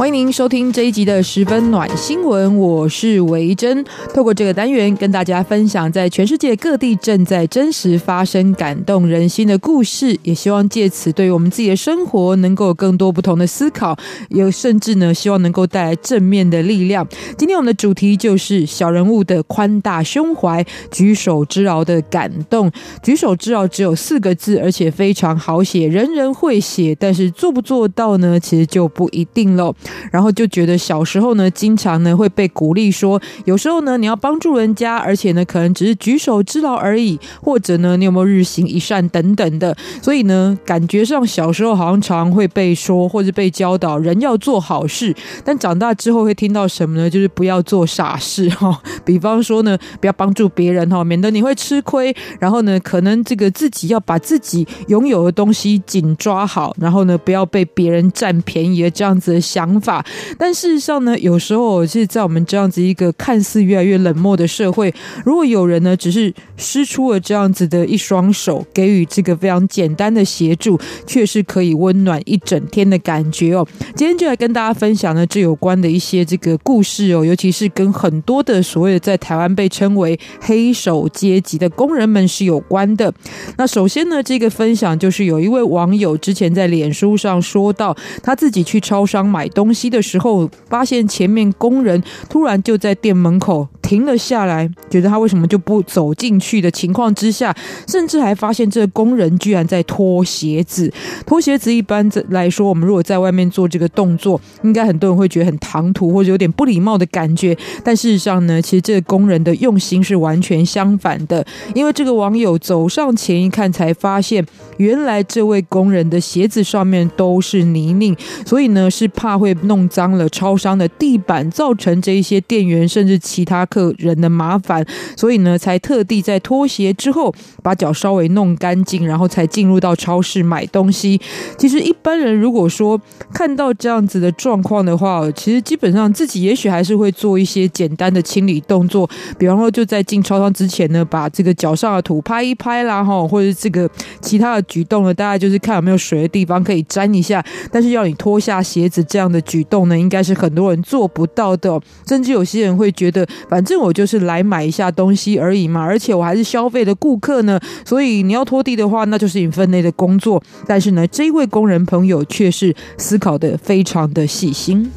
歡迎您收聽這一集的十分暖新聞，我是維珍。透過這個單元，跟大家分享在全世界各地正在真實發生感動人心的故事，也希望借此對於我們自己的生活能夠有更多不同的思考，也甚至呢，希望能夠帶來正面的力量。今天我們的主題就是小人物的寬大胸懷，舉手之勞的感動。舉手之勞只有四個字，而且非常好寫，人人會寫，但是做不做到呢？其實就不一定嘍。然後就覺得小時候呢，經常呢會被鼓勵說，有時候呢你要幫助人家，而且呢可能只是舉手之勞而已，或者呢你有沒有日行一善等等的。所以呢，感覺上小時候好像常會被說，或者被教導人要做好事。但長大之後會聽到什麼呢？就是不要做傻事哈，比方說呢不要幫助別人哈，免得你會吃虧。然後呢，可能這個自己要把自己擁有的東西緊抓好，然後呢不要被別人占便宜的這樣子的想法。法，但事實上呢，有時候、哦、是在我們這樣子一個看似越來越冷漠的社會，如果有人呢，只是伸出了這樣子的一雙手，給予這個非常簡單的協助，卻是可以溫暖一整天的感覺哦。今天就來跟大家分享呢，這有關的一些這個故事哦，尤其是跟很多的所謂的在台灣被稱為黑手階級的工人們是有關的。那首先呢，這個分享就是有一位網友之前在臉書上說到，他自己去超商買東西。東西的時候，發現前面工人突然就在店門口停了下來，覺得他為什麼就不走進去的情況之下，甚至還發現這個工人居然在脫鞋子。脫鞋子一般來說，我們如果在外面做這個動作，應該很多人會覺得很唐突或者有點不禮貌的感覺。但事實上呢，其實這個工人的用心是完全相反的，因為這個網友走上前一看，才發現原來這位工人的鞋子上面都是泥濘，所以呢是怕會弄髒了超商的地板，造成這一些店員甚至其他客。個人的麻煩，所以呢，才特地在脫鞋之後把腳稍微弄乾淨，然後才進入到超市買東西。其實一般人如果說看到這樣子的狀況的話，其實基本上自己也許還是會做一些簡單的清理動作，比方說就在進超商之前呢，把這個腳上的土拍一拍啦，哈，或者是這個其他的舉動呢，大家就是看有沒有水的地方可以沾一下。但是要你脫下鞋子這樣的舉動呢，應該是很多人做不到的，甚至有些人會覺得反正。我就是來買一下東西而已嘛，而且我還是消費的顧客呢，所以你要拖地的話，那就是你分內的工作。但是呢，這一位工人朋友卻是思考得非常的細心。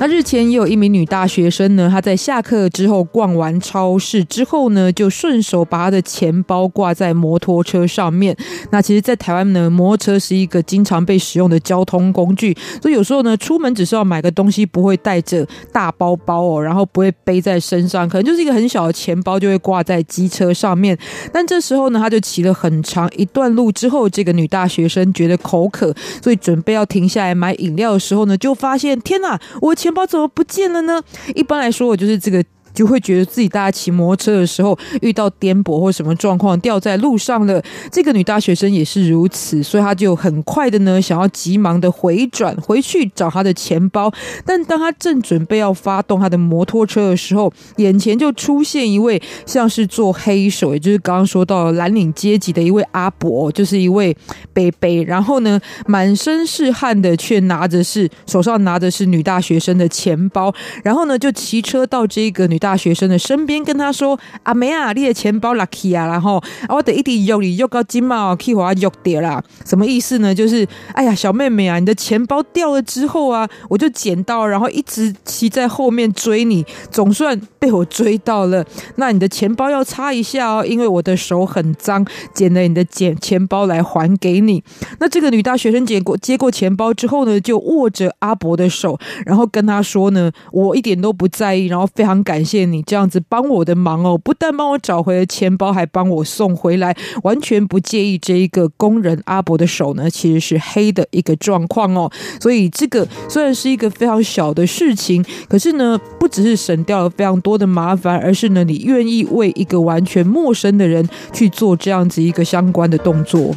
那日前也有一名女大學生呢，她在下課之後逛完超市之後呢，就順手把她的錢包掛在摩托車上面。那其實，在台灣呢，摩托車是一個經常被使用的交通工具，所以有時候呢，出門只是要買個東西，不會帶着大包包哦，然後不會背在身上，可能就是一個很小的錢包就會掛在機車上面。但這時候呢，她就騎了很長一段路之後，這個女大學生覺得口渴，所以準備要停下來買飲料的時候呢，就發現，天哪，我前。錢包怎麼不見了呢？一般來說，我就是這個。就會覺得自己，大家騎摩托車的時候遇到顛簸或什麼狀況，掉在路上了。這個女大學生也是如此，所以她就很快的呢，想要急忙的回轉回去找她的錢包。但當她正準備要發動她的摩托車的時候，眼前就出現一位像是做黑手，也就是剛剛說到藍領階級的一位阿伯，就是一位北北，然後呢滿身是汗的，卻拿着是手上拿着是女大學生的錢包，然後呢就騎車到這個女大。大學生的身邊跟他說：“阿、啊、妹啊，你的錢包 lucky 啊，然後我得一定油你用個金毛，去華又掉啦。什麼意思呢？就是哎呀，小妹妹啊，你的錢包掉了之後啊，我就撿到，然後一直騎在後面追你，總算被我追到了。那你的錢包要擦一下哦，因為我的手很髒，撿了你的錢錢包來還給你。那這個女大學生撿過接過錢包之後呢，就握着阿伯的手，然後跟他說呢，我一點都不在意，然後非常感謝。”你這樣子幫我的忙哦，不但幫我找回了錢包，還幫我送回來，完全不介意。這一個工人阿伯的手呢，其實是黑的一個狀況哦。所以這個雖然是一個非常小的事情，可是呢，不只是省掉了非常多的麻煩，而是呢，你願意為一個完全陌生的人去做這樣子一個相關的動作。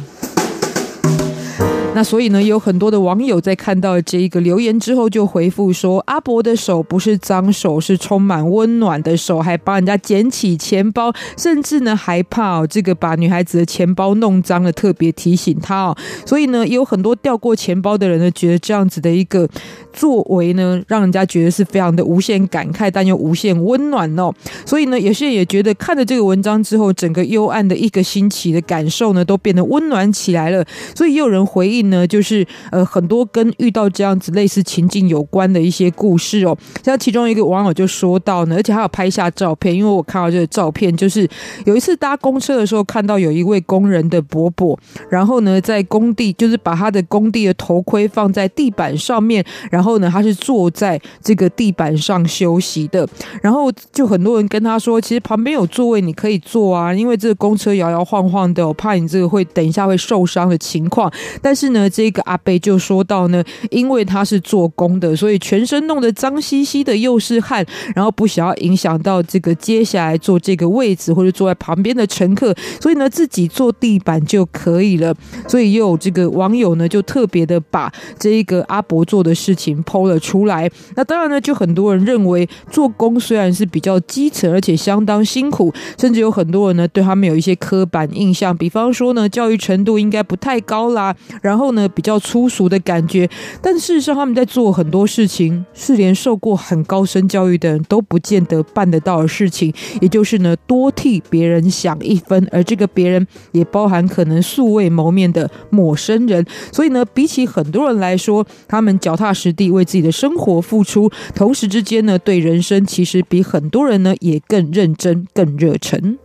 那所以呢，有很多的網友在看到這一個留言之後，就回復說：“阿伯的手不是髒手，是充滿溫暖的手，還幫人家撿起錢包，甚至呢，還怕哦，這個把女孩子的錢包弄髒了，特別提醒他哦。”所以呢，有很多掉過錢包的人呢，覺得這樣子的一個作為呢，讓人家覺得是非常的無限感慨，但又無限溫暖哦。所以呢，有些人也覺得看了這個文章之後，整個幽暗的一個星期的感受呢，都變得溫暖起來了。所以也有人回憶。呢，就是呃，很多跟遇到這樣子類似情境有關的一些故事哦。像其中一個網友就說到呢，而且他有拍下照片，因為我看到這個照片，就是有一次搭公車的時候，看到有一位工人的伯伯，然後呢，在工地就是把他的工地的頭盔放在地板上面，然後呢，他是坐在這個地板上休息的。然後就很多人跟他說，其實旁邊有座位你可以坐啊，因為這個公車搖搖晃晃的，我怕你這個會等一下會受傷的情況，但是。呢，這個阿伯就說到呢，因為他是做工的，所以全身弄得髒兮兮的，又是汗，然後不想要影響到這個接下來坐這個位置或者坐在旁邊的乘客，所以呢，自己坐地板就可以了。所以又有這個網友呢，就特別的把這個阿伯做的事情 PO 了出來。那當然呢，就很多人認為做工雖然是比較基層，而且相當辛苦，甚至有很多人呢對他們有一些刻板印象，比方說呢，教育程度應該不太高啦，然後。然後呢，比較粗俗的感覺，但事實上他們在做很多事情是連受過很高深教育的人都不見得辦得到的事情，也就是呢，多替別人想一分，而這個別人也包含可能素未謀面的陌生人。所以呢，比起很多人來說，他們腳踏實地為自己的生活付出，同時之間呢，對人生其實比很多人呢也更認真、更熱忱。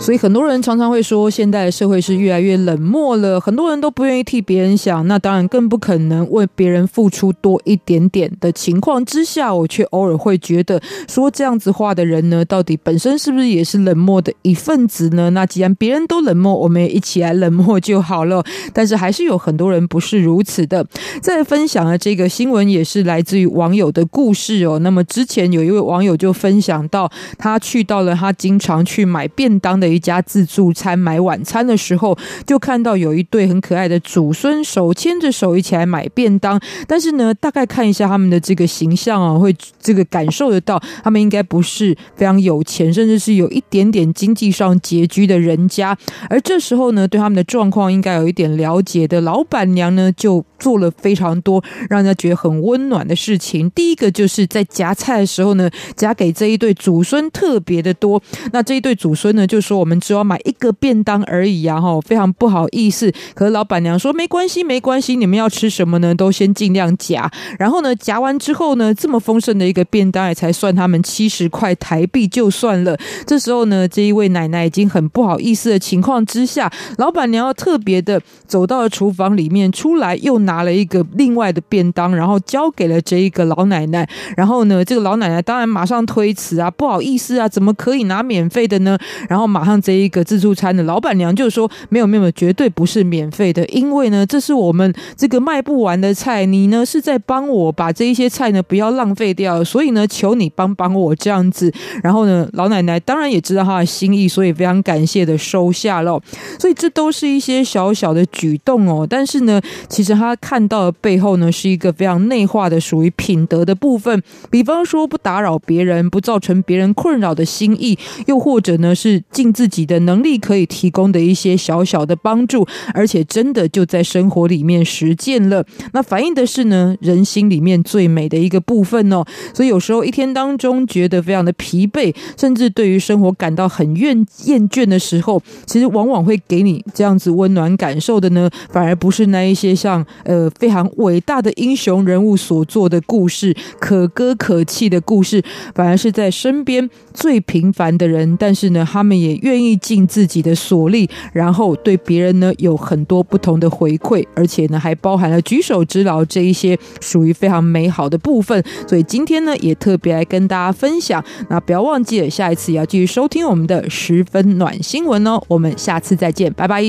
所以很多人常常會說，現在的社會是越來越冷漠了，很多人都不願意替別人想，那當然更不可能為別人付出多一點點的情況之下，我卻偶爾會覺得說這樣子話的人呢，到底本身是不是也是冷漠的一份子呢？那既然別人都冷漠，我們也一起來冷漠就好了。但是還是有很多人不是如此的。再分享了這個新聞也是來自於網友的故事哦。那麼之前有一位網友就分享到，他去到了他經常去買便當的。一家自助餐買晚餐的時候，就看到有一對很可愛的祖孫手牽着手一起來買便當。但是呢，大概看一下他們的這個形象啊，會這個感受得到，他們應該不是非常有錢，甚至是有一點點經濟上拮據的人家。而這時候呢，對他們的狀況應該有一點了解的老板娘呢，就做了非常多讓人家覺得很溫暖的事情。第一個就是在夾菜的時候呢，夾給這一對祖孫特別的多。那這一對祖孫呢，就說。我們只要買一個便當而已呀，哈，非常不好意思。可是老闆娘說沒關係，沒關係，你們要吃什麼呢？都先盡量夾。然後呢，夾完之後呢，這麼豐盛的一個便當也才算他們七十塊台幣就算了。這時候呢，這一位奶奶已經很不好意思的情況之下，老闆娘要特別的走到了廚房裡面，出來又拿了一個另外的便當，然後交給了這一個老奶奶。然後呢，這個老奶奶當然馬上推辭啊，不好意思啊，怎麼可以拿免費的呢？然後馬上。像這一個自助餐的老闆娘就說：“沒有，沒有，絕對不是免費的，因為呢，這是我們這個賣不完的菜，你呢是在幫我把這一些菜呢不要浪費掉，所以呢，求你幫幫我這樣子。然後呢，老奶奶當然也知道她的心意，所以非常感謝的收下了。所以這都是一些小小的舉動哦。但是呢，其實她看到的背後呢，是一個非常內化的屬於品德的部分，比方說不打擾別人，不造成別人困擾的心意，又或者呢是盡。自己的能力可以提供的一些小小的幫助，而且真的就在生活裡面實踐了。那反映的是呢，人心裡面最美的一個部分哦。所以有時候一天當中覺得非常的疲憊，甚至對於生活感到很厭厭倦的時候，其實往往會給你這樣子溫暖感受的呢，反而不是那一些像呃非常偉大的英雄人物所做的故事，可歌可泣的故事，反而是在身邊最平凡的人，但是呢，他們也願願意盡自己的所力，然後對別人呢，有很多不同的回饋，而且呢還包含了舉手之勞這一些屬於非常美好的部分。所以今天呢也特別來跟大家分享。那不要忘記了，下一次也要繼續收聽我們的十分暖新聞哦。我們下次再見，拜拜。